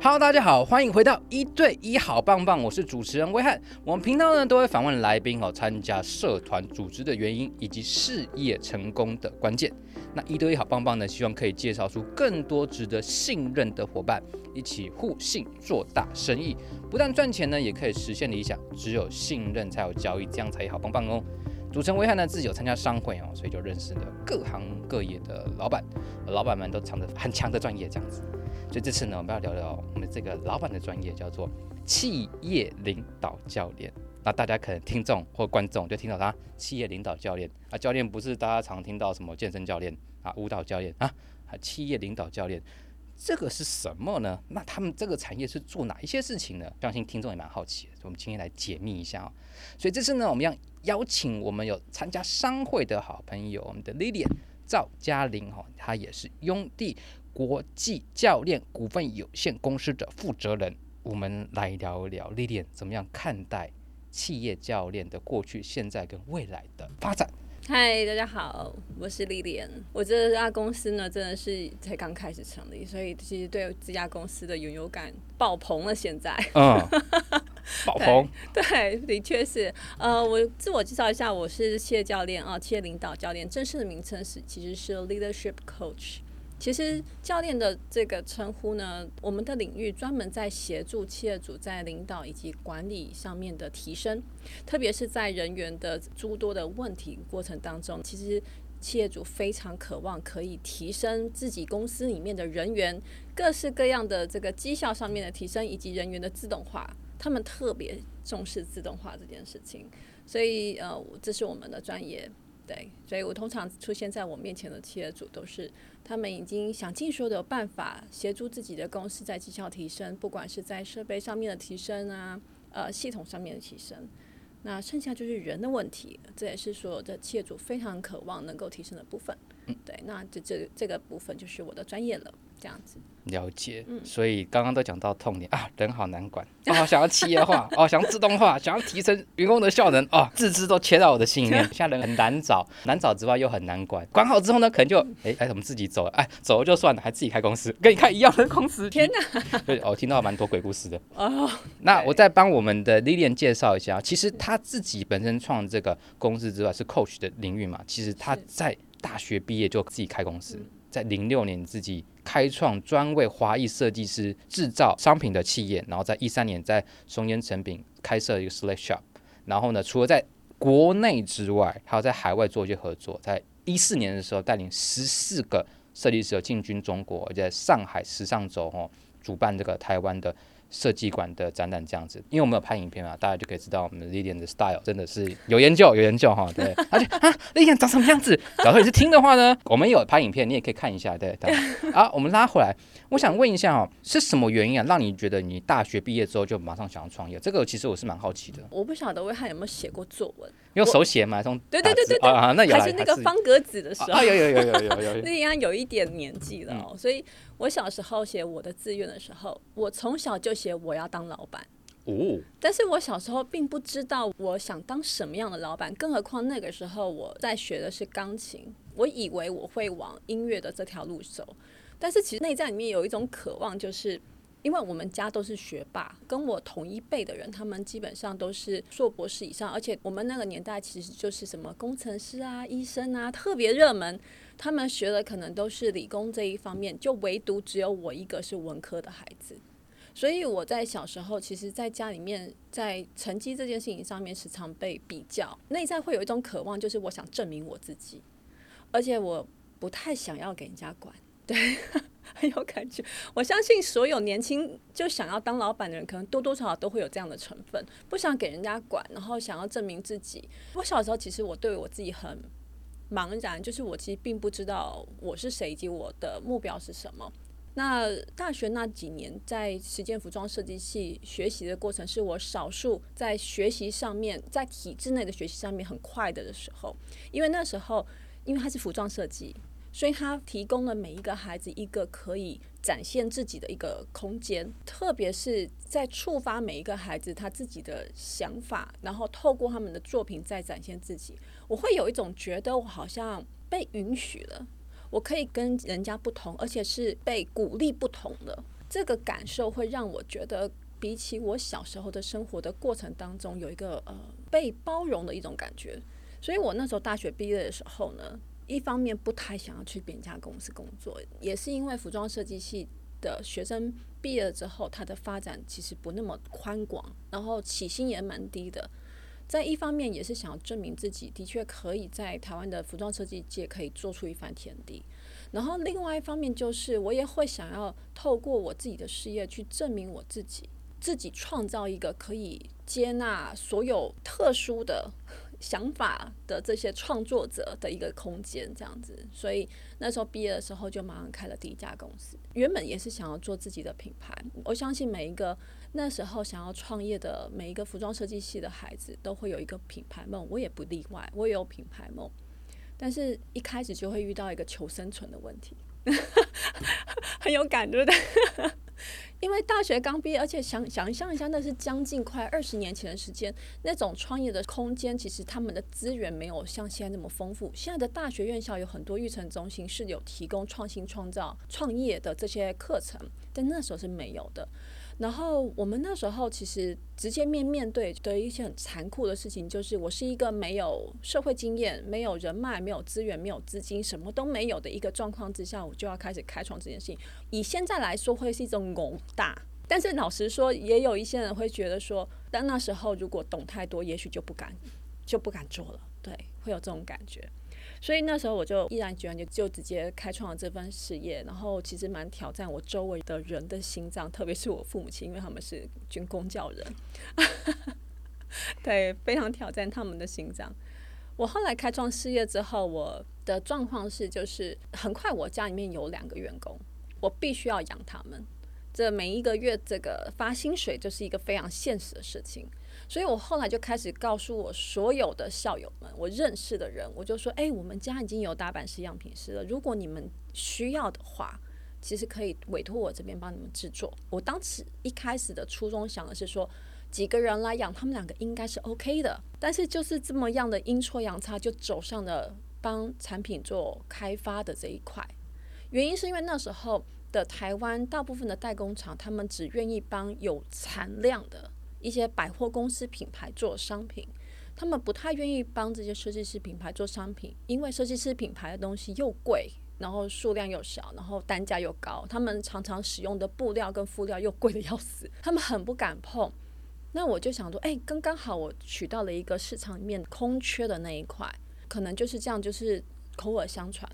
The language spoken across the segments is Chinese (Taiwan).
Hello，大家好，歡迎回到一對一好棒棒。我是主持人威漢。我們頻道呢都會訪問來賓哦，參加社團組織的原因以及事業成功的關鍵。那一對一好棒棒呢，希望可以介紹出更多值得信任的夥伴，一起互信做大生意，不但賺錢呢，也可以實現理想。只有信任才有交易，這樣才好棒棒哦。主持人威漢呢自己有參加商會哦，所以就認識了各行各業的老闆，老闆們都藏着很強的專業，這樣子。所以這次呢，我們要聊聊我們這個老闆的專業，叫做企業領導教練。那大家可能聽眾或觀眾就聽到他、啊、企業領導教練啊，教練不是大家常聽到什麼健身教練啊、舞蹈教練啊，企業領導教練、啊啊、這個是什麼呢？那他們這個產業是做哪一些事情呢？相信聽眾也蠻好奇的，所以我們今天來解密一下、哦。所以這次呢，我們要邀請我們有參加商會的好朋友，我們的 Lillian 趙家羚哈，她也是雍碲。國際教練股份有限公司的負責人，我們來聊聊 Lillian 怎麼樣看待企業教練的過去、現在跟未來的發展。嗨，大家好，我是 Lillian。我這家公司呢，真的是才剛開始成立，所以其實對這家公司的擁有感爆棚了。現在，嗯，爆棚， 對，的確是。呃，我自我介紹一下，我是企業教練啊、哦，企業領導教練，正式的名稱是其實是 leadership coach。其實，教練的這個稱呼呢，我們的領域專門在協助企業主在領導以及管理上面的提升，特別是在人員的諸多的問題過程當中，其實企業主非常渴望可以提升自己公司裡面的人員，各式各樣的這個績效上面的提升，以及人員的自動化，他們特別重視自動化這件事情，所以呃，這是我們的專業。對，所以我通常出現在我面前的企業主都是，他們已經想盡所有的辦法協助自己的公司在績效提升，不管是在設備上面的提升啊，呃，系統上面的提升，那剩下就是人的問題，這也是所有的企業主非常渴望能夠提升的部分。對，那這這這個部分就是我的專業了。這樣子了解，所以剛剛都講到痛點、嗯、啊，人好難管哦，想要企業化 哦，想要自動化，想要提升員工的效能哦，字字都切到我的心裡面。 現在人很難找，難找之外又很難管，管好之後呢，可能就哎，還什麼自己走了，哎、欸，走了就算了，還自己開公司，跟你開一樣，的公司 天哪， 對，我、哦、聽到蠻多鬼故事的。哦、 oh,，okay. 那我再幫我們的 Lillian 介紹一下，其實他自己本身創這個公司之外，是 Coach 的領域嘛。其實他在大學畢業就自己開公司，在零六年自己。開創專為華裔設計師制造商品的企業，然後在一三年在松菸誠品開設了一個 slate shop，然後呢，除了在國內之外，還有在海外做一些合作。在一四年的時候，帶領十四個設計師進軍中國，而且在上海時尚周哦，主辦這個台灣的。設計館的展覽這樣子，因為我們有拍影片啊，大家就可以知道我們的 Lillian 的 style 真的是有研究，有研究哈，對。 而且啊 Lillian 長什麼樣子？到時你是聽的話呢，我們有拍影片，你也可以看一下，對。好， 啊，我們拉回來，我想問一下哦，是什麼原因啊，讓你覺得你大學畢業之後就馬上想要創業？這個其實我是蠻好奇的。我不曉得威漢有沒有寫過作文。用手寫嘛，從對對對對啊，那也還是那個方格子的時候啊，啊，有有有有有，有有有有有 那應該有一點年紀了、喔嗯、所以我小時候寫我的志願的時候，我從小就寫我要當老闆、哦、但是我小時候並不知道我想當什麼樣的老闆，更何況那個時候我在學的是鋼琴，我以為我會往音樂的這條路走，但是其實內在裡面有一種渴望就是。因為我們家都是學霸，跟我同一輩的人，他們基本上都是碩博士以上，而且我們那個年代其實就是什麼工程師啊、醫生啊，特別熱門，他們學的可能都是理工這一方面，就唯獨只有我一個是文科的孩子，所以我在小時候，其實在家裡面，在成績這件事情上面時常被比較，內在會有一種渴望，就是我想證明我自己，而且我不太想要給人家管。對，很有感覺。我相信所有年輕就想要當老闆的人，可能多多少少都會有這樣的成分，不想給人家管，然後想要證明自己。我小時候其實我對我自己很茫然，就是我其實並不知道我是誰以及我的目標是什麼。那大學那幾年在實踐服裝設計系學習的過程，是我少數在學習上面在體制內的學習上面很快的的時候，因為那時候因為它是服裝設計。所以，他提供了每一個孩子一個可以展現自己的一個空間，特別是在觸發每一個孩子他自己的想法，然後透過他們的作品再展現自己。我會有一種覺得我好像被允許了，我可以跟人家不同，而且是被鼓勵不同的。這個感受會讓我覺得，比起我小時候的生活的過程當中有一個呃被包容的一種感覺。所以我那時候大學畢業的時候呢。一方面不太想要去別人家公司工作，也是因為服裝設計系的學生畢業了之後，他的發展其實不那麼寬廣，然後起薪也蠻低的。再一方面也是想要證明自己的確可以在台灣的服裝設計界可以做出一番天地，然後另外一方面就是我也會想要透過我自己的事業去證明我自己，自己創造一個可以接納所有特殊的想法的這些創作者的一個空間，這樣子，所以那時候畢業的時候就馬上開了第一家公司。原本也是想要做自己的品牌，我相信每一個那時候想要創業的每一個服裝設計系的孩子都會有一個品牌夢，我也不例外，我也有品牌夢，但是一開始就會遇到一個求生存的問題， 很有感覺的。因為大學剛畢業，而且想想象一下，那是將近快二十年前的時間，那種創業的空間，其實他們的資源沒有像現在那麼豐富。現在的大學院校有很多育成中心，是有提供創新創造創業的這些課程，但那時候是沒有的。然後我們那時候其實直接面面對的一些很殘酷的事情，就是我是一個沒有社會經驗、沒有人脈、沒有資源、沒有資金、什麼都沒有的一個狀況之下，我就要開始開創這件事情。以現在來說，會是一種猛大，但是老實說，也有一些人會覺得說，但那時候如果懂太多，也許就不敢，就不敢做了。對，會有這種感覺。所以那時候我就毅然決然就直接開創了這份事業，然後其實蠻挑戰我周圍的人的心臟，特別是我父母親，因為他們是軍公教人， 對，非常挑戰他們的心臟。我後來開創事業之後，我的狀況是，就是很快我家裡面有兩個員工，我必須要養他們，這每一個月這個發薪水就是一個非常現實的事情。所以我後來就開始告訴我所有的校友們，我認識的人，我就說，哎、欸，我們家已經有打版式樣品師了，如果你們需要的話，其實可以委托我這邊幫你們製作。我當時一開始的初衷想的是說，幾個人來養，他們兩個應該是 OK 的。但是就是這麼樣的陰錯陽差，就走上了幫產品做開發的這一塊。原因是因為那時候的台灣大部分的代工廠，他們只願意幫有產量的一些百貨公司品牌做商品，他們不太願意幫這些設計師品牌做商品，因為設計師品牌的東西又貴，然後數量又少，然後單價又高。他們常常使用的布料跟輔料又貴得要死，他們很不敢碰。那我就想說，哎、欸，剛剛好，我取到了一個市場裡面空缺的那一塊，可能就是這樣，就是口耳相傳。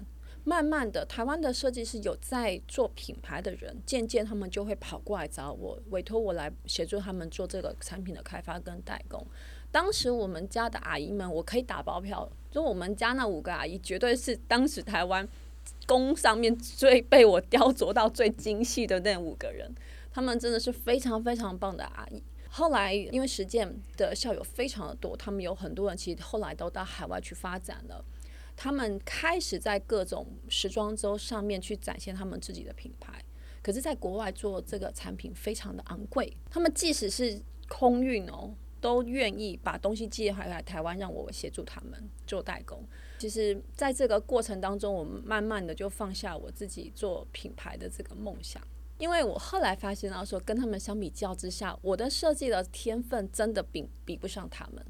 慢慢的，台灣的設計師有在做品牌的人，漸漸他們就會跑過來找我，委托我來協助他們做這個產品的開發跟代工。當時我們家的阿姨們，我可以打包票，就我們家那五個阿姨，絕對是當時台灣工上面最被我雕琢到最精細的那五個人。他們真的是非常非常棒的阿姨。後來因為實踐的校友非常的多，他們有很多人其實後來都到海外去發展了。他們開始在各種時裝周上面去展現他們自己的品牌，可是，在國外做這個產品非常的昂貴。他們即使是空運哦，都願意把東西寄回來台灣，讓我協助他們做代工。其實，在這個過程當中，我慢慢的就放下我自己做品牌的這個夢想，因為我後來發現到說，跟他們相比較之下，我的設計的天分真的比比不上他們。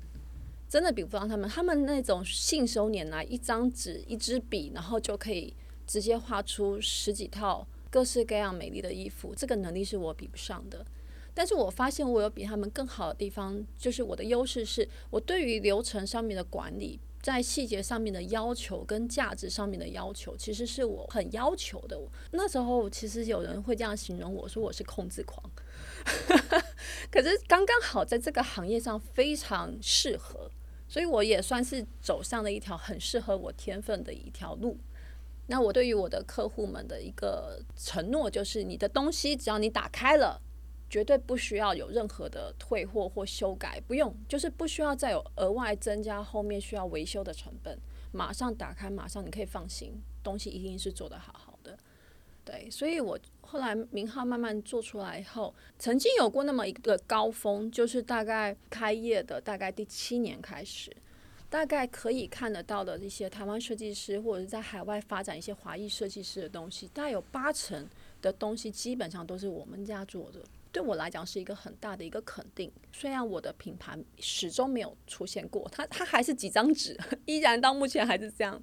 真的比不上他們，他們那種信手拈來，一張紙、一支筆，然後就可以直接畫出十幾套各式各樣美麗的衣服，這個能力是我比不上的。但是我發現我有比他們更好的地方，就是我的優勢是我對於流程上面的管理，在細節上面的要求跟價值上面的要求，其實是我很要求的。那時候其實有人會這樣形容我說，我是控制狂， 可是剛剛好在這個行業上非常適合。所以我也算是走上了一條很適合我天分的一條路。那我對於我的客戶們的一個承諾就是：你的東西只要你打開了，絕對不需要有任何的退貨或修改，不用，就是不需要再有額外增加後面需要維修的成本。馬上打開，馬上你可以放心，東西一定是做得好好。對，所以我後來名號慢慢做出來以後，曾經有過那麼一個高峰，就是大概開業的大概第七年開始，大概可以看得到的一些台灣設計師或者是在海外發展一些華裔設計師的東西，大概有八成的東西基本上都是我們家做的。對我來講是一個很大的一個肯定，雖然我的品牌始終沒有出現過，它它還是幾張紙，依然到目前還是這樣。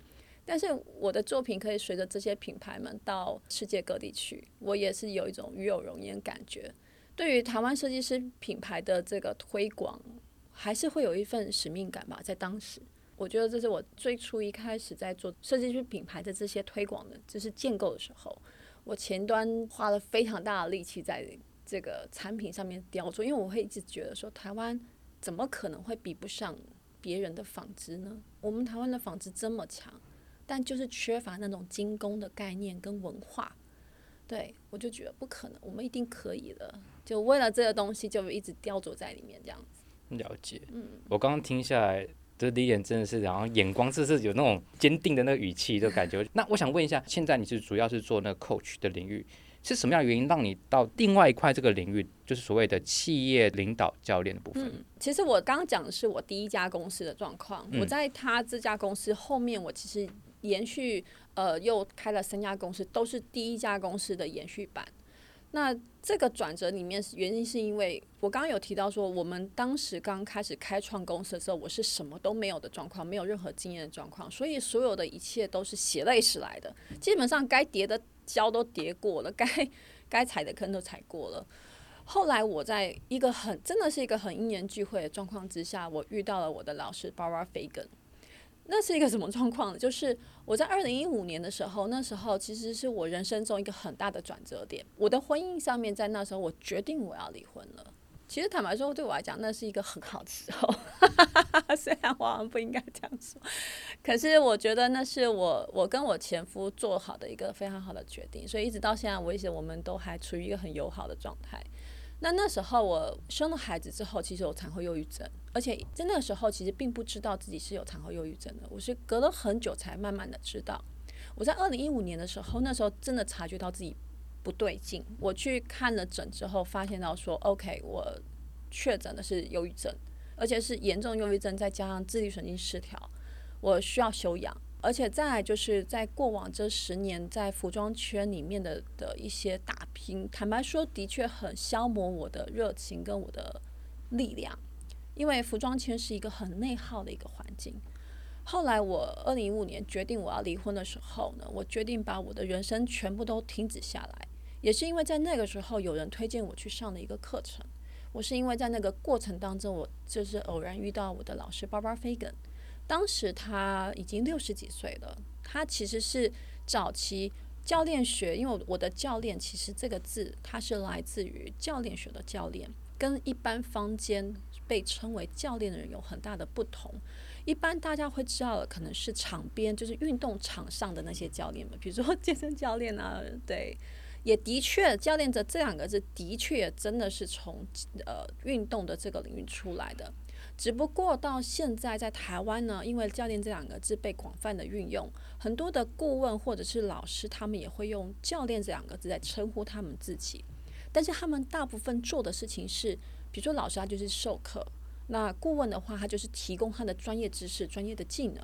但是我的作品可以隨着這些品牌們到世界各地去，我也是有一種與有榮焉的感覺。對於台灣設計師品牌的這個推廣，還是會有一份使命感吧。在當時，我覺得這是我最初一開始在做設計師品牌的這些推廣的，就是建構的時候，我前端花了非常大的力氣在這個產品上面雕琢，因為我會一直覺得說，台灣怎麼可能會比不上別人的紡織呢？我們台灣的紡織這麼強。但就是缺乏那種精工的概念跟文化，對我就覺得不可能，我們一定可以的。就為了這個東西，就一直雕琢在裡面這樣子。了解，嗯，我剛剛聽下來，這第一點真的是，然後眼光是是有那種堅定的那個語氣，就感覺。 那我想問一下，現在你是主要是做那個 coach 的領域，是什麼樣原因讓你到另外一塊這個領域，就是所謂的企業領導教練的部分？嗯，其實我剛剛講的是我第一家公司的狀況，嗯、我在他這家公司後面，我其實。延續，呃，又開了三家公司，都是第一家公司的延續版。那這個轉折裡面，原因是因為我剛剛有提到說，我們當時剛開始開創公司的時候，我是什麼都沒有的狀況，沒有任何經驗的狀況，所以所有的一切都是血淚史來的。基本上該跌的跤都跌過了，該該踩的坑都踩過了。後來我在一個很真的是一個很因緣聚會的狀況之下，我遇到了我的老師 Barbara Fagan 那是一個什麼狀況呢？就是我在二零一五年的時候，那時候其實是我人生中一個很大的轉折點。我的婚姻上面，在那時候我決定我要離婚了。其實坦白說，對我來講，那是一個很好的時候， 雖然我好像不應該這樣說，可是我覺得那是我我跟我前夫做好的一個非常好的決定。所以一直到現在為止，我，我們都還處於一個很友好的狀態。那那時候我生了孩子之後，其實有產後憂鬱症，而且在那個時候其實並不知道自己是有產後憂鬱症的，我是隔了很久才慢慢的知道。我在二零一五年的時候，那時候真的察覺到自己不對勁，我去看了診之後，發現到說 OK，我確診的是憂鬱症，而且是嚴重憂鬱症，再加上自律神經失調，我需要休養。而且再來就是，在過往這十年，在服裝圈裡面的的一些打拼，坦白說，的確很消磨我的熱情跟我的力量，因為服裝圈是一個很內耗的一個環境。後來我二零一五年決定我要離婚的時候呢，我決定把我的人生全部都停止下來，也是因為在那個時候，有人推薦我去上的一個課程。我是因為在那個過程當中，我就是偶然遇到我的老師巴巴菲根。當時他已經六十幾歲了，他其實是早期教練學，因為我的教練其實這個字，他是來自於教練學的教練，跟一般坊間被稱為教練的人有很大的不同。一般大家會知道的可能是場邊，就是運動場上的那些教練嘛，比如說健身教練啊，對，也的確，教練的這兩個字的確真的是從呃運動的這個領域出來的。只不過到現在，在台灣呢，因為“教練”這兩個字被廣泛的運用，很多的顧問或者是老師，他們也會用“教練”這兩個字來稱呼他們自己。但是他們大部分做的事情是，比如說老師，他就是授課；那顧問的話，他就是提供他的專業知識、專業的技能，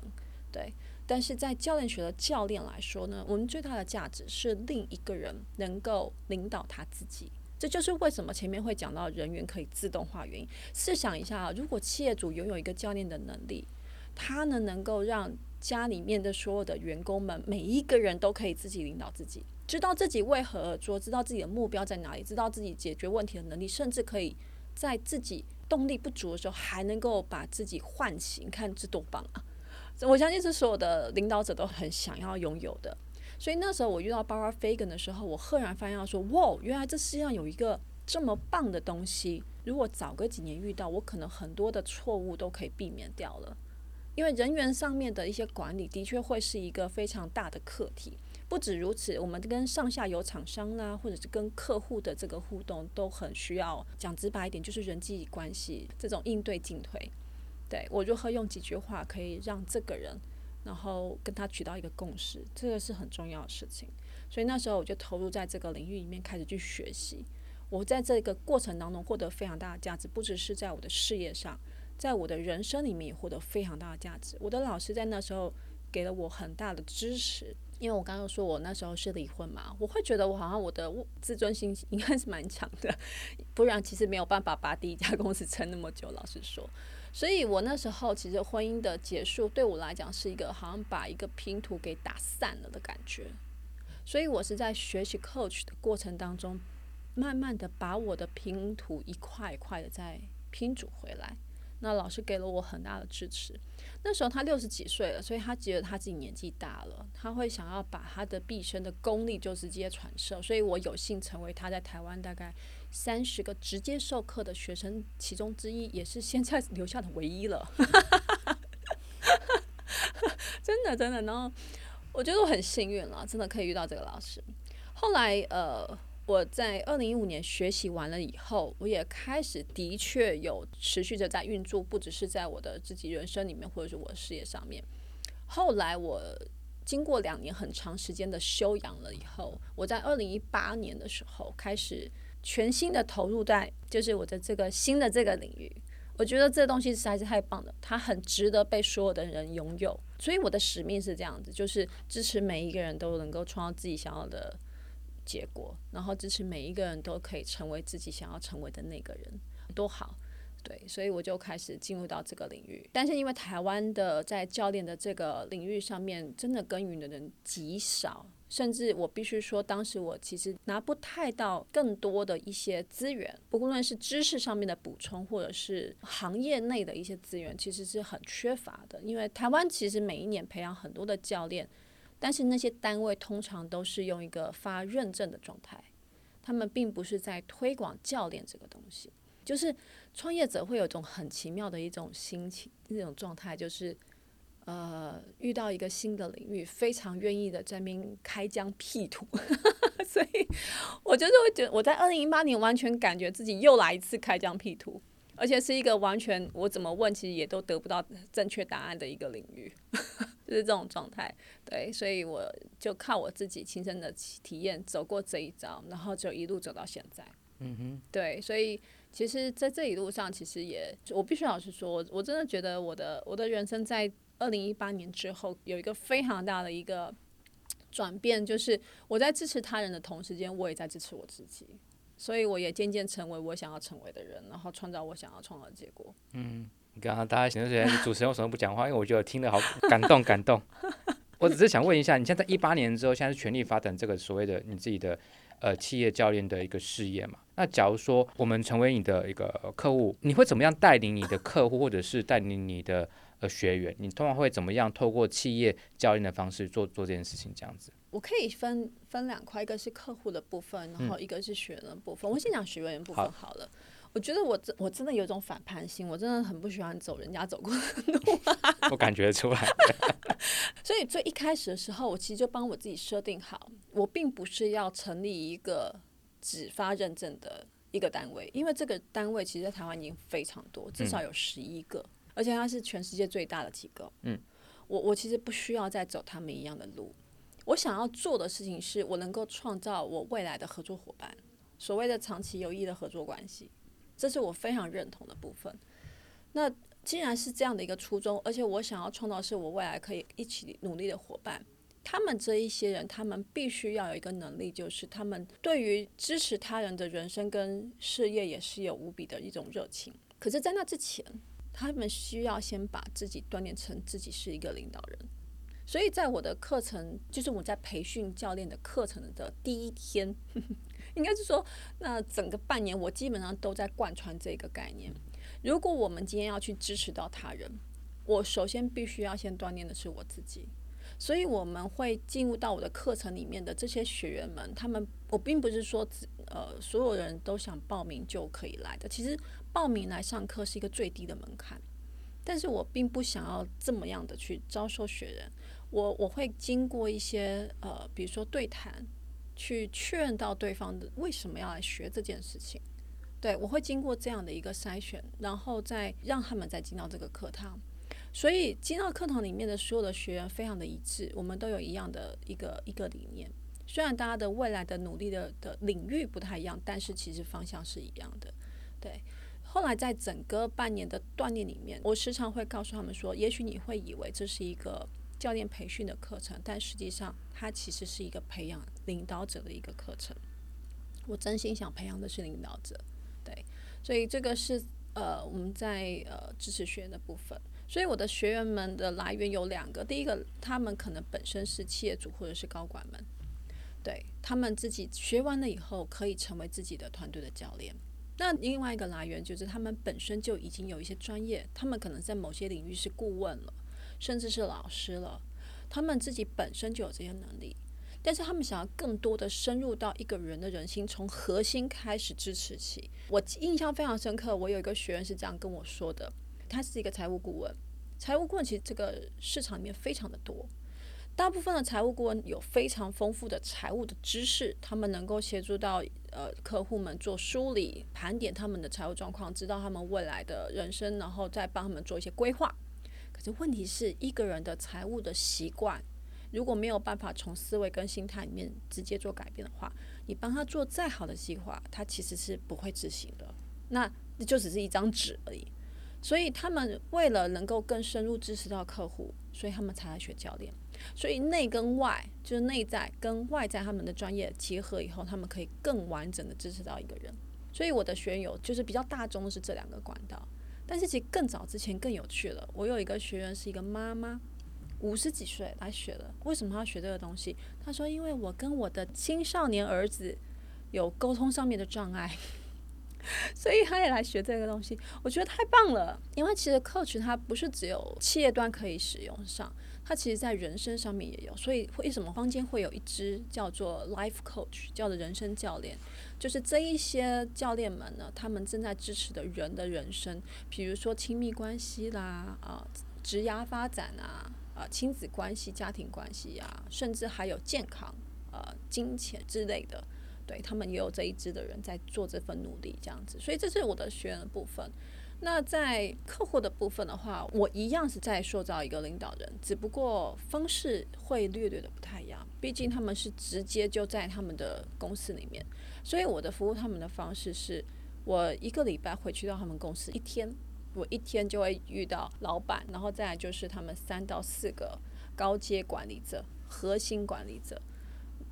對。但是在教練學的教練來說呢，我們最大的價值是另一個人能夠領導他自己。這就是為什麼前面會講到人員可以自動化原因。試想一下啊，如果企業主擁有一個教練的能力，他呢能夠讓家裡面的所有的員工們每一個人都可以自己領導自己，知道自己為何而做，知道自己的目標在哪裡，知道自己解決問題的能力，甚至可以在自己動力不足的時候還能夠把自己喚醒。看這多棒啊！我相信是所有的領導者都很想要擁有的。所以那時候我遇到 Bara Fagan 的時候，我赫然發現說，哇，原來這世界上有一個這麼棒的東西。如果早個幾年遇到，我可能很多的錯誤都可以避免掉了。因為人員上面的一些管理，的確會是一個非常大的課題。不止如此，我們跟上下游廠商呢、啊，或者是跟客戶的這個互動，都很需要講直白一點，就是人際關係這種應對進退。對，我如何用幾句話可以讓這個人，然後跟他取到一個共識，這個是很重要的事情。所以那時候我就投入在這個領域裡面，開始去學習。我在這個過程當中獲得非常大的價值，不只是在我的事業上，在我的人生裡面也獲得非常大的價值。我的老師在那時候給了我很大的支持，因為我剛剛說我那時候是離婚嘛，我會覺得我好像我的自尊心應該是蠻強的，不然其實沒有辦法把第一家公司撐那麼久。老實說。所以，我那時候其實婚姻的結束對我來講是一個好像把一個拼圖給打散了的感覺。所以我是在學習 coach 的過程當中，慢慢的把我的拼圖一塊一塊的再拼組回來。那老師給了我很大的支持。那時候他六十幾歲了，所以他覺得他自己年紀大了，他會想要把他的畢生的功力就直接傳授。所以我有幸成為他在台灣大概。三十個直接授課的學生其中之一，也是現在留下的唯一了。 真的，真的呢。我覺得我很幸運了，真的可以遇到這個老師。後來，呃，我在二零一五年學習完了以後，我也開始的確有持續着在運作，不只是在我的自己人生裡面，或者是我事業上面。後來，我經過兩年很長時間的休養了以後，我在二零一八年的時候開始。全心的投入在就是我的這個新的這個領域，我覺得這東西實在是太棒了，它很值得被所有的人擁有。所以我的使命是這樣子，就是支持每一個人都能夠創造自己想要的結果，然後支持每一個人都可以成為自己想要成為的那個人，多好。對，所以我就開始進入到這個領域。但是因為台灣的在教練的這個領域上面，真的耕耘的人極少。甚至我必須說，當時我其實拿不太到更多的一些資源。不論是知識上面的補充，或者是行業內的一些資源，其實是很缺乏的。因為台灣其實每一年培養很多的教練，但是那些單位通常都是用一個發認證的狀態，他們並不是在推廣教練這個東西。就是創業者會有種很奇妙的一種心情，那種狀態，就是。呃，遇到一個新的領域，非常願意的在那邊開疆闢土，所以，我就是會覺得我在二零一八年完全感覺自己又來一次開疆闢土，而且是一個完全我怎麼問其實也都得不到正確答案的一個領域，就是這種狀態。對，所以我就靠我自己親身的體驗走過這一遭，然後就一路走到現在。嗯哼。對，所以其實，在這一路上，其實也我必須老實說，我真的覺得我的我的人生在二零一八年之後有一個非常大的一個轉變，就是我在支持他人的同時間，我也在支持我自己，所以我也漸漸成為我想要成為的人，然後創造我想要創造的結果。嗯，你剛剛大家想說主持人為什麼不講話？ 因為我覺得聽得好感動感動。我只是想問一下，你現在一八年之後，現在是全力發展這個所謂的你自己的呃企業教練的一個事業嘛？那假如說我們成為你的一個客戶，你會怎麼樣帶領你的客戶，或者是帶領你的？ 呃，學員，你通常會怎麼樣透過企業教練的方式做做這件事情？這樣子，我可以分分兩塊，一個是客戶的部分，然後一個是學員的部分。嗯、我先講學員部分好了。好，我覺得我真我真的有一種反叛心，我真的很不喜歡走人家走過的路、啊。 我感覺出來了 所以最一開始的時候，我其實就幫我自己設定好，我並不是要成立一個只發認證的一個單位，因為這個單位其實在台灣已經非常多，至少有十一個。嗯而且它是全世界最大的機構。嗯，我我其實不需要再走他們一樣的路。我想要做的事情是，我能夠創造我未來的合作夥伴，所謂的長期有益的合作關係，這是我非常認同的部分。那既然是這樣的一個初衷，而且我想要創造是我未來可以一起努力的夥伴，他們這一些人，他們必須要有一個能力，就是他們對於支持他人的人生跟事業也是有無比的一種熱情。可是在那之前，他們需要先把自己鍛鍊成自己是一個領導人，所以在我的課程，就是我在培訓教練的課程的第一天，呵呵，應該是說，那整個半年我基本上都在貫穿這個概念。如果我們今天要去支持到他人，我首先必須要先鍛鍊的是我自己，所以我們會進入到我的課程裡面的這些學員們，他們我並不是說呃所有人都想報名就可以來的，其實。報名來上課是一個最低的門檻，但是我並不想要這麼樣的去招收學員，我我會經過一些呃，比如說對談，去確認到對方的為什麼要來學這件事情，對，我會經過這樣的一個篩選，然後再讓他們再進到這個課堂，所以進到課堂裡面的所有的學員非常的一致，我們都有一樣的一個一個理念，雖然大家的未來的努力的的領域不太一樣，但是其實方向是一樣的，對。後來，在整個半年的鍛鍊裡面，我時常會告訴他們說：“也許你會以為這是一個教練培訓的課程，但實際上，它其實是一個培養領導者的一個課程。我真心想培養的是領導者，對，所以這個是呃，我們在呃支持學員的部分。所以我的學員們的來源有兩個：第一個，他們可能本身是企業主或者是高管們，對，他們自己學完了以後，可以成為自己的團隊的教練。”那另外一個來源就是他們本身就已經有一些專業，他們可能在某些領域是顧問了，甚至是老師了，他們自己本身就有這些能力，但是他們想要更多的深入到一個人的人心，從核心開始支持起。我印象非常深刻，我有一個學員是這樣跟我說的，他是一個財務顧問，財務顧問其實這個市場裡面非常的多。大部分的財務顧問有非常豐富的財務的知識，他們能夠協助到呃客戶們做梳理、盤點他們的財務狀況，知道他們未來的人生，然後再幫他們做一些規劃。可是問題是一個人的財務的習慣，如果沒有辦法從思維跟心態裡面直接做改變的話，你幫他做再好的計劃，他其實是不會執行的，那那就只是一張紙而已。所以他們為了能夠更深入支持到客戶，所以他們才來學教練。所以內跟外就是內在跟外在，他們的專業結合以後，他們可以更完整的支持到一個人。所以我的學員有就是比較大眾的是這兩個管道，但是其實更早之前更有趣了。我有一個學員是一個媽媽，五十幾歲來學的，為什麼她要學這個東西？她說因為我跟我的青少年兒子有溝通上面的障礙， 所以她也來學這個東西。我覺得太棒了，因為其實 coach 它不是只有企業端可以使用上。他其實，在人生上面也有，所以為什麼坊間會有一支叫做 Life Coach，叫做人生教練，就是這一些教練們呢，他們正在支持的人的人生，比如說親密關係啦，啊、呃，職業發展啊，啊、呃，親子關係、家庭關係呀、啊，甚至還有健康、呃，金錢之類的，對，他們也有這一支的人在做這份努力，這樣子。所以這是我的學員的部分。那在客戶的部分的話，我一樣是在塑造一個領導人，只不過方式會略略的不太一樣。畢竟他們是直接就在他們的公司裡面，所以我的服務他們的方式是，我一個禮拜回去到他們公司一天，我一天就會遇到老闆，然後再就是他們三到四個高階管理者、核心管理者。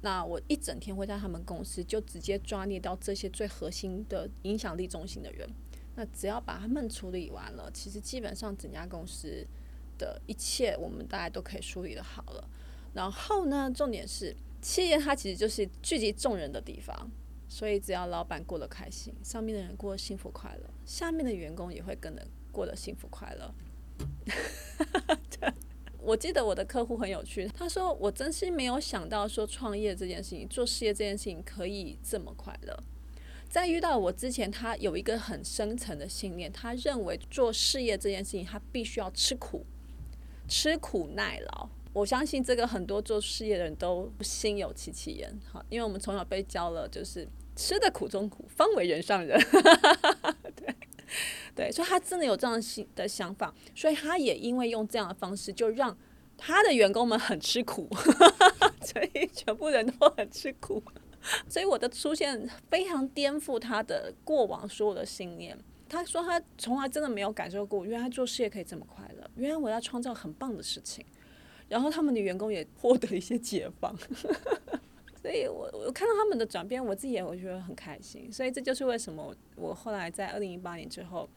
那我一整天會在他們公司，就直接抓捏到這些最核心的影響力中心的人。那只要把他們處理完了，其實基本上整家公司的一切，我們大概都可以梳理得好了。然後呢，重點是企業它其實就是聚集眾人的地方，所以只要老闆過得開心，上面的人過得幸福快樂，下面的員工也會跟着過得幸福快樂。 我記得我的客戶很有趣，他說我真心沒有想到說創業這件事情、做事業這件事情可以這麼快樂。在遇到我之前，他有一個很深層的信念，他認為做事業這件事情，他必須要吃苦、吃苦耐勞。我相信這個很多做事業的人都心有戚戚焉，好，因為我們從小被教了，就是吃的苦中苦，方為人上人。 對，對，所以他真的有這樣想的想法，所以他也因為用這樣的方式，就讓他的員工們很吃苦， 所以全部人都很吃苦。所以我的出現非常顛覆他的過往所有的信念。他說他從來真的沒有感受過，原來他做事業可以這麼快樂，原來我要創造很棒的事情，然後他們的員工也獲得一些解放。所以我我看到他們的轉變，我自己也會覺得很開心。所以這就是為什麼我後來在二零一八年之後，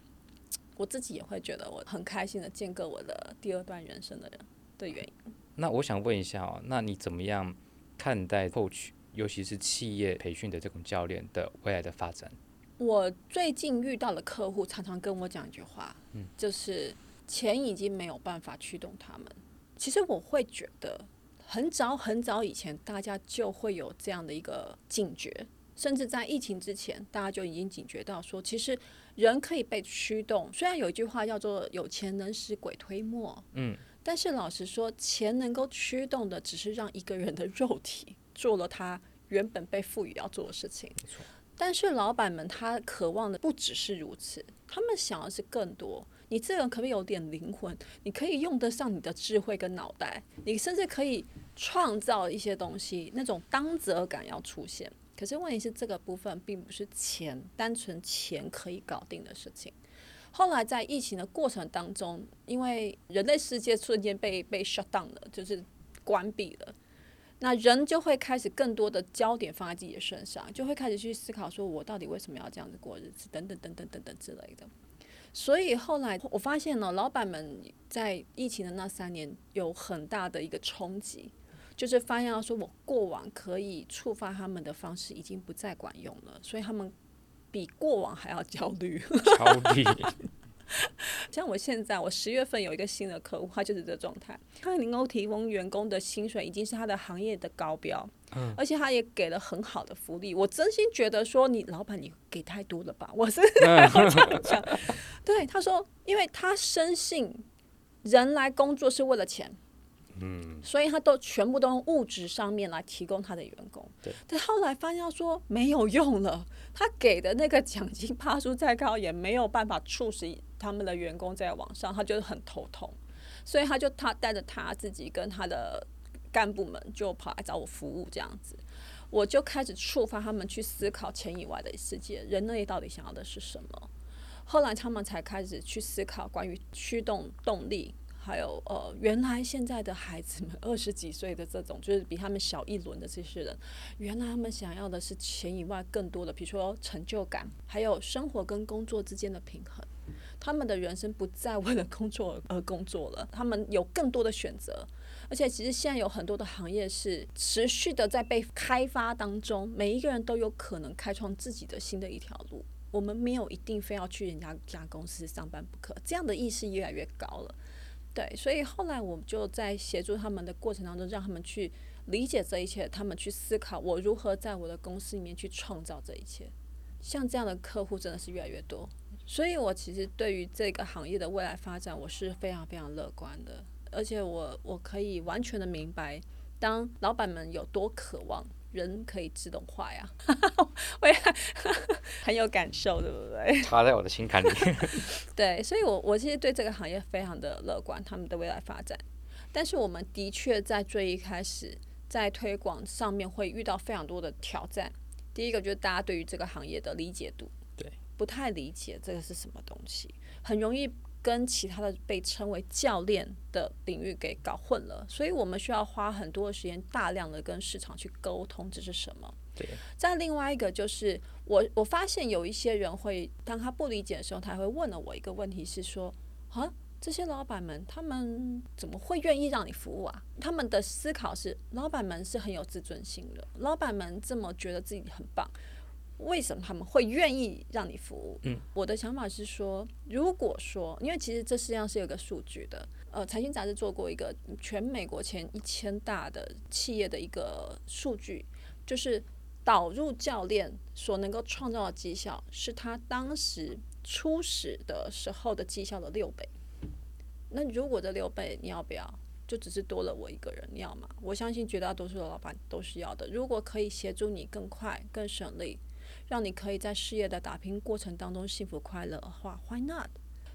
我自己也會覺得我很開心的見過我的第二段人生的人的原因。那我想問一下哦，那你怎麼樣看待 coach？尤其是企業培訓的這種教練的未來的發展，我最近遇到的客戶常常跟我講一句話，就是錢已經沒有辦法驅動他們。其實我會覺得，很早很早以前，大家就會有這樣的一個警覺，甚至在疫情之前，大家就已經警覺到說，其實人可以被驅動。雖然有一句話叫做“有錢能使鬼推磨”，嗯。但是老實說，錢能夠驅動的只是讓一個人的肉體做了他原本被賦予要做的事情。沒錯。但是老闆們他渴望的不只是如此，他們想要是更多。你這個人可不可以有點靈魂？你可以用得上你的智慧跟腦袋，你甚至可以創造一些東西。那種當責感要出現。可是問題是，這個部分並不是錢，單純錢可以搞定的事情。後來在疫情的過程當中，因為人類世界瞬間被被 shut down 了，就是關閉了，那人就會開始更多的焦點放在自己的身上，就會開始去思考說，我到底為什麼要這樣子過日子，等等等等等等之類的。所以後來我發現呢，老闆們在疫情的那三年有很大的一個衝擊，就是發現說，我過往可以觸發他們的方式已經不再管用了，所以他們。比過往還要焦慮。焦慮。像我現在，我十月份有一個新的客戶，他就是這狀態。他能夠提供員工的薪水已經是他的行業的高標，嗯，而且他也給了很好的福利。我真心覺得說你，你老板你給太多了吧？我是會這樣講。嗯， 對，他說，因為他深信，人來工作是為了錢。嗯，所以他都全部都用物質上面來提供他的員工。對，但後來發現他說沒有用了，他給的那個獎金趴數，再高也沒有辦法促使他們的員工再往上，他就是很頭痛。所以他就他帶着他自己跟他的幹部們就跑來找我服務這樣子，我就開始觸發他們去思考錢以外的世界，人類到底想要的是什麼。後來他們才開始去思考關於驅動動力。還有呃，原來現在的孩子們二十幾歲的這種，就是比他們小一輪的這些人，原來他們想要的是錢以外更多的，比如說成就感，還有生活跟工作之間的平衡。他們的人生不再為了工作而工作了，他們有更多的選擇。而且其實現在有很多的行業是持續的在被開發當中，每一個人都有可能開創自己的新的一條路。我們沒有一定非要去人家人家公司上班不可，這樣的意識越來越高了。對，所以後來我們就在協助他們的過程當中，讓他們去理解這一切，他們去思考，我如何在我的公司裡面去創造這一切。像這樣的客戶真的是越來越多，所以我其實對於這個行業的未來發展，我是非常非常樂觀的，而且我我可以完全的明白，當老闆們有多渴望，人可以自動化呀哈哈我也，哈哈，很有感受，對不對？插在我的心坎裡。 對，所以我，我我其實對這個行業非常的樂觀，他們的未來發展。但是，我們的確在最一開始在推廣上面會遇到非常多的挑戰。第一個就是大家對於這個行業的理解度，對，不太理解這個是什麼東西，很容易。跟其他的被稱為教練的領域給搞混了，所以我們需要花很多的時間，大量的跟市場去溝通這是什麼。對。再另外一個就是我我發現有一些人會，當他不理解的時候，他會問了我一個問題是說，啊，這些老闆們他們怎麼會願意讓你服務啊？他們的思考是老闆們是很有自尊心的，老闆們這麼覺得自己很棒。為什麼他們會願意讓你服務？嗯，我的想法是說，如果說，因為其實這實際上是有個數據的，呃，財經雜誌做過一個全美國前一千大的企業的一個數據，就是導入教練所能夠創造的績效是他當時初始的時候的績效的六倍。那如果這六倍你要不要？就只是多了我一個人，你要嗎？我相信絕大多數的老板都是要的。如果可以協助你更快、更省力。讓你可以在事業的打拼過程當中幸福快樂的話，Why not？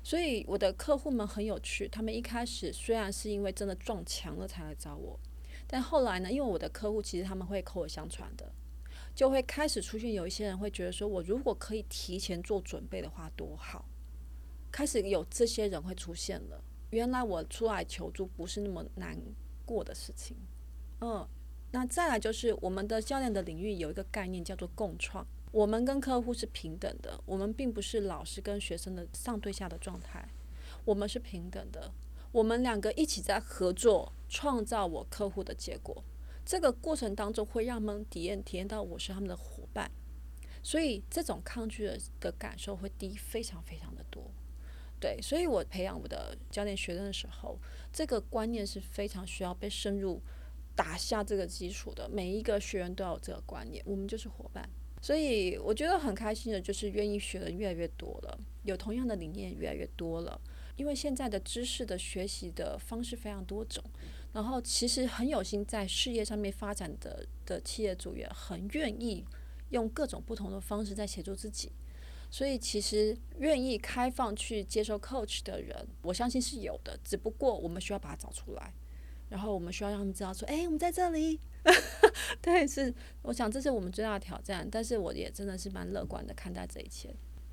所以我的客戶們很有趣，他們一開始雖然是因為真的撞牆了才來找我，但後來呢，因為我的客戶其實他們會口耳相傳的，就會開始出現有一些人會覺得說，我如果可以提前做準備的話多好，開始有這些人會出現了。原來我出來求助不是那麼難過的事情。嗯，那再來就是我們的教練的領域有一個概念叫做共創。我們跟客戶是平等的，我們並不是老師跟學生的上對下的狀態，我們是平等的，我們兩個一起在合作創造我客戶的結果。這個過程當中會讓他們體驗體驗到我是他們的夥伴，所以這種抗拒的的感受會低非常非常的多。對，所以我培養我的教練學生的時候，這個觀念是非常需要被深入打下這個基礎的。每一個學員都有這個觀念，我們就是夥伴。所以我覺得很開心的，就是願意學的越來越多了，有同樣的理念越來越多了。因為現在的知識的學習的方式非常多種，然後其實很有心在事業上面發展的的企業主也很願意用各種不同的方式在協助自己。所以其實願意開放去接受 coach 的人，我相信是有的，只不過我們需要把它找出來。然後我們需要讓他們知道，說，哎、欸，我們在這裡。 對，是，我想這是我們最大的挑戰。但是我也真的是蠻樂觀的看待這一切。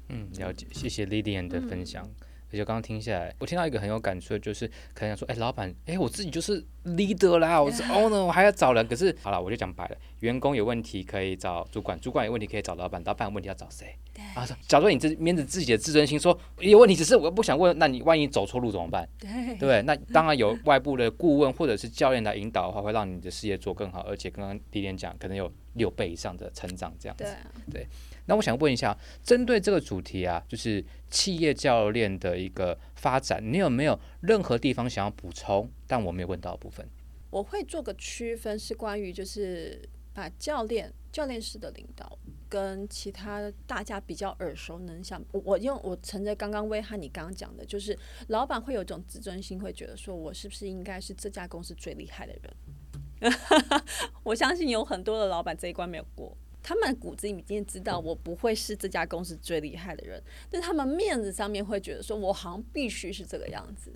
嗯，了解，謝謝 Lillian 的分享。嗯、而且我剛剛聽下來，我聽到一個很有感觸，就是可能想說，哎、欸，老闆，哎、欸，我自己就是 leader 啦，我是 owner，、yeah. 我還要找人。可是，好了，我就講白了。員工有問題可以找主管，主管有問題可以找老闆，老闆有問題要找誰？對。啊，假如，你這面子自己的自尊心說有問題，你只是我不想問，那你萬一走錯路怎麼辦？對。對，那當然有外部的顧問或者是教練來引導的話，會讓你的事業做更好，而且剛剛 Lillian 講可能有六倍以上的成長這樣子。對。對。那我想問一下，針對這個主題啊，就是企業教練的一個發展，你有沒有任何地方想要補充？但我沒有問到的部分。我會做個區分，是關於就是。把教練、教練式的領導跟其他大家比較耳熟能詳，我用我承接剛剛威哈你剛剛講的，就是老板會有種自尊心，會覺得說我是不是應該是這家公司最厲害的人？ 我相信有很多的老板這一關沒有過，他們骨子裡已經知道我不會是這家公司最厲害的人，但他們面子上面會覺得說我好像必須是這個樣子。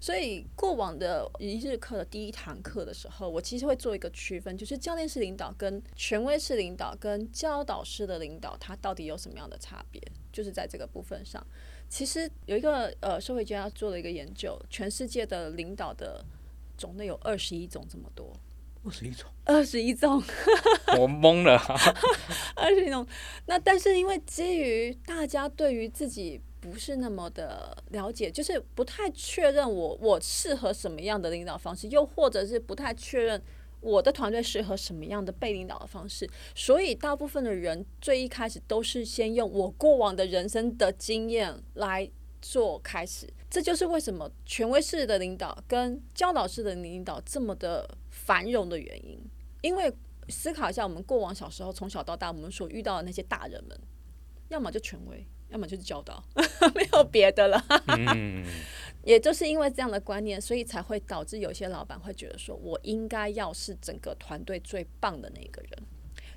所以，過往的一日課的第一堂課的時候，我其實會做一個區分，就是教練式領導跟權威式領導跟教導式的領導，他到底有什麼樣的差別？就是在這個部分上，其實有一個呃社會學家做了一個研究，全世界的領導的種類有二十一種這麼多。二十一種。二十一種。 我懵蒙了。二十一種。那但是因為基於大家對於自己。不是那麼的了解，就是不太確認我我適合什麼樣的領導方式，又或者是不太確認我的團隊適合什麼樣的被領導的方式。所以大部分的人最一開始都是先用我過往的人生的經驗來做開始。這就是為什麼權威式的領導跟教導式的領導這麼的繁榮的原因。因為思考一下我們過往小時候從小到大我們所遇到的那些大人們，要麼就權威。要麼就是教導，呵呵沒有別的了。嗯， 也就是因為這樣的觀念，所以才會導致有些老板會覺得說，我應該要是整個團隊最棒的那個人，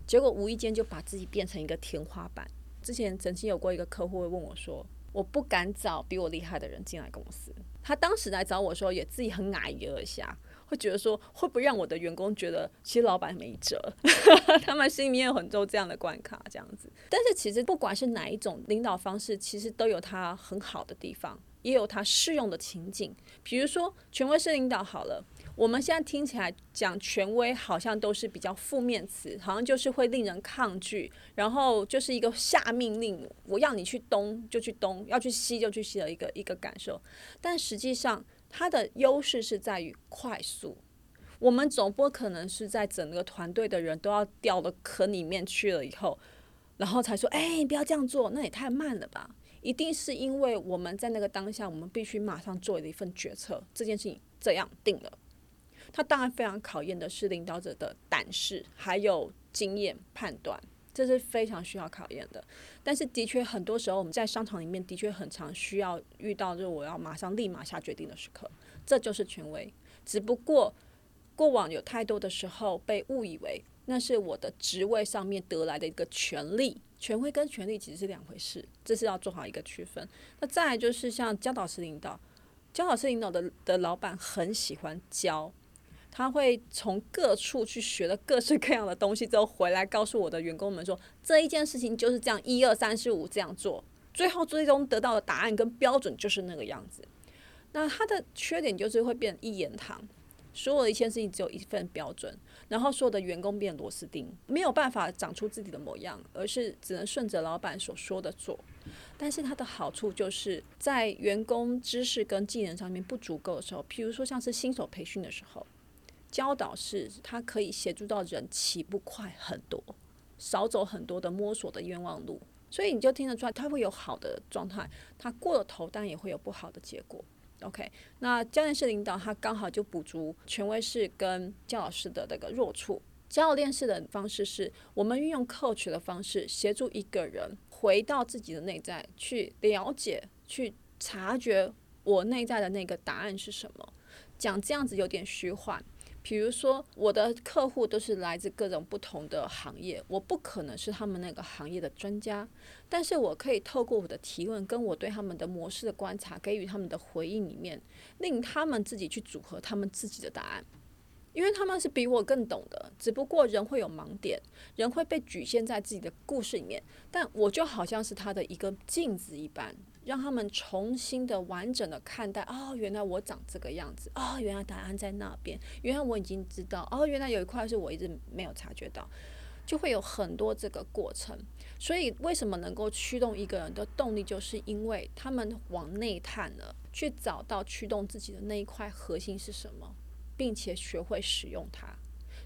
結果無意間就把自己變成一個天花板。之前曾經有過一個客戶會問我說，我不敢找比我厲害的人進來公司。他當時來找我說，也自己很訝異了一下。會覺得說，會不會讓我的員工覺得其實老板沒轍？ 他們心裡面有很多這樣的關卡，這樣子。但是其實不管是哪一種領導方式，其實都有它很好的地方，也有它適用的情景。比如說權威式領導好了，我們現在聽起來講權威好像都是比較負面詞，好像就是會令人抗拒，然後就是一個下命令，我要你去東就去東，要去西就去西的一個一個感受。但實際上。它的優勢是在於快速。我們總不可能是在整個團隊的人都要掉到坑裡面去了以後，然後才說：“哎、欸，你不要這樣做，那也太慢了吧！”一定是因為我們在那個當下，我們必須馬上做了一份決策，這件事情這樣定了。它當然非常考驗的是領導者的膽識，還有經驗判斷。這是非常需要考驗的，但是的確很多時候我們在商場裡面的確很常需要遇到，就是我要馬上立馬下決定的時刻，這就是權威。只不過過往有太多的時候被誤以為那是我的職位上面得來的一個權力，權威跟權力其實是兩回事，這是要做好一個區分。那再來就是像教導式領導，教導式領導的的老板很喜歡教。他會從各處去學了各式各樣的東西，之後回來告訴我的員工們說，這一件事情就是這樣一二三四五這樣做，最後最終得到的答案跟標準就是那個樣子。那他的缺點就是會變一言堂，所有的一件事情只有一份標準，然後所有的員工變螺絲釘，沒有辦法長出自己的模樣，而是只能順着老闆所說的做。但是他的好處就是在員工知識跟技能上面不足夠的時候，譬如說像是新手培訓的時候。教導式他可以協助到人起步快很多，少走很多的摸索的冤枉路，所以你就聽得出來，他會有好的狀態，他過了頭，但也會有不好的結果。OK，那教練式領導他剛好就補足權威式跟教導式的那個弱處。教練式的方式是，我們運用 coach 的方式協助一個人回到自己的內在去了解、去察覺我內在的那個答案是什麼。講這樣子有點虛幻。比如說，我的客戶都是來自各種不同的行業，我不可能是他們那個行業的專家，但是我可以透過我的提問，跟我對他們的模式的觀察，給予他們的回應裡面，令他們自己去組合他們自己的答案，因為他們是比我更懂的，只不過人會有盲點，人會被局限在自己的故事裡面，但我就好像是他的一個鏡子一般。讓他們重新的、完整的看待，哦，原來我長這個樣子，哦，原來答案在那邊，原來我已經知道，哦，原來有一塊是我一直沒有察覺到，就會有很多這個過程。所以，為什麼能夠驅動一個人的動力，就是因為他們往內探了，去找到驅動自己的那一塊核心是什麼，並且學會使用它。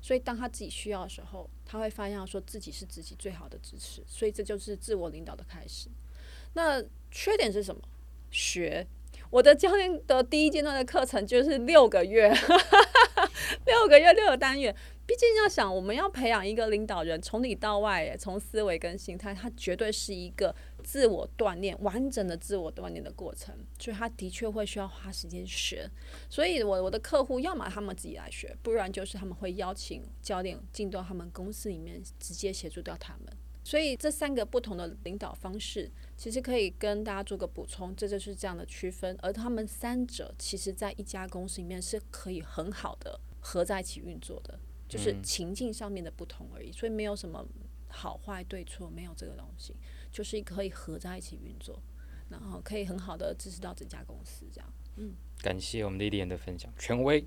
所以，當他自己需要的時候，他會發現說自己是自己最好的支持。所以，這就是自我領導的開始。那。缺點是什麼？學我的教練的第一階段的課程就是六個月， 六個月六個單元。畢竟要想我們要培養一個領導人，從裡到外，從思維跟心態，他絕對是一個自我鍛鍊、完整的自我鍛鍊的過程。所以他的確會需要花時間學。所以，我我的客戶要麼他們自己來學，不然就是他們會邀請教練進到他們公司裡面，直接協助到他們。所以這三個不同的領導方式，其實可以跟大家做個補充，這就是這樣的區分，而他們三者其實，在一家公司裡面是可以很好的合在一起運作的。嗯，就是情境上面的不同而已，所以沒有什麼好壞對錯，沒有這個東西，就是可以合在一起運作，然後可以很好的支持到這家公司這樣。嗯，感謝我們 Lillian 的分享，權威、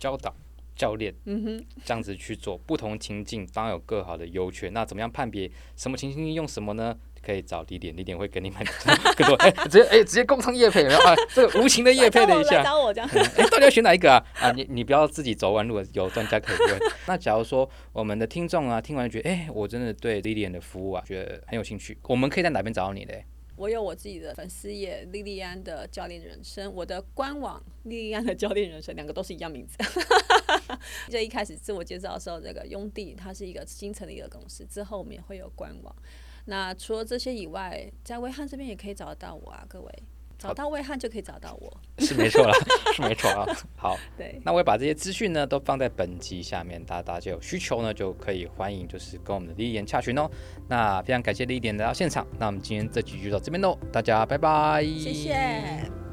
教導、教練，嗯哼，這樣子去做不同情境，當然有更好的優缺，那怎麼樣判別什麼情境用什麼呢？可以找莉莉安，莉莉安會給你們更多。哎，直接哎、欸，直接共創業配，然後啊，這個無情的業配了一下。我我這樣。哎、嗯欸，到底要選哪一個啊？ 啊，你你不要自己走彎路，有專家可以問。那假如說我們的聽眾啊，聽完覺得哎、欸，我真的對莉莉安的服務啊，覺得很有興趣，我們可以在哪邊找到你嘞、欸？我有我自己的粉絲頁“莉莉安的教練人生”，我的官網“莉莉安的教練人生”，兩個都是一樣名字。 就一開始自我介紹的時候，這個雍碲他是一個新成立的一個公司，之後我們也會有官網。那除了這些以外，在威漢這邊也可以找得到我啊，各位找到威漢就可以找到我，是沒錯啦，是沒錯啊。 好，對，那我也把這些資訊呢都放在本集下面，大家大家有需求呢就可以歡迎就是跟我們的 Lillian 洽詢哦。那非常感謝 Lillian 來到現場，那我們今天這集就到這邊嘍，大家拜拜，謝謝。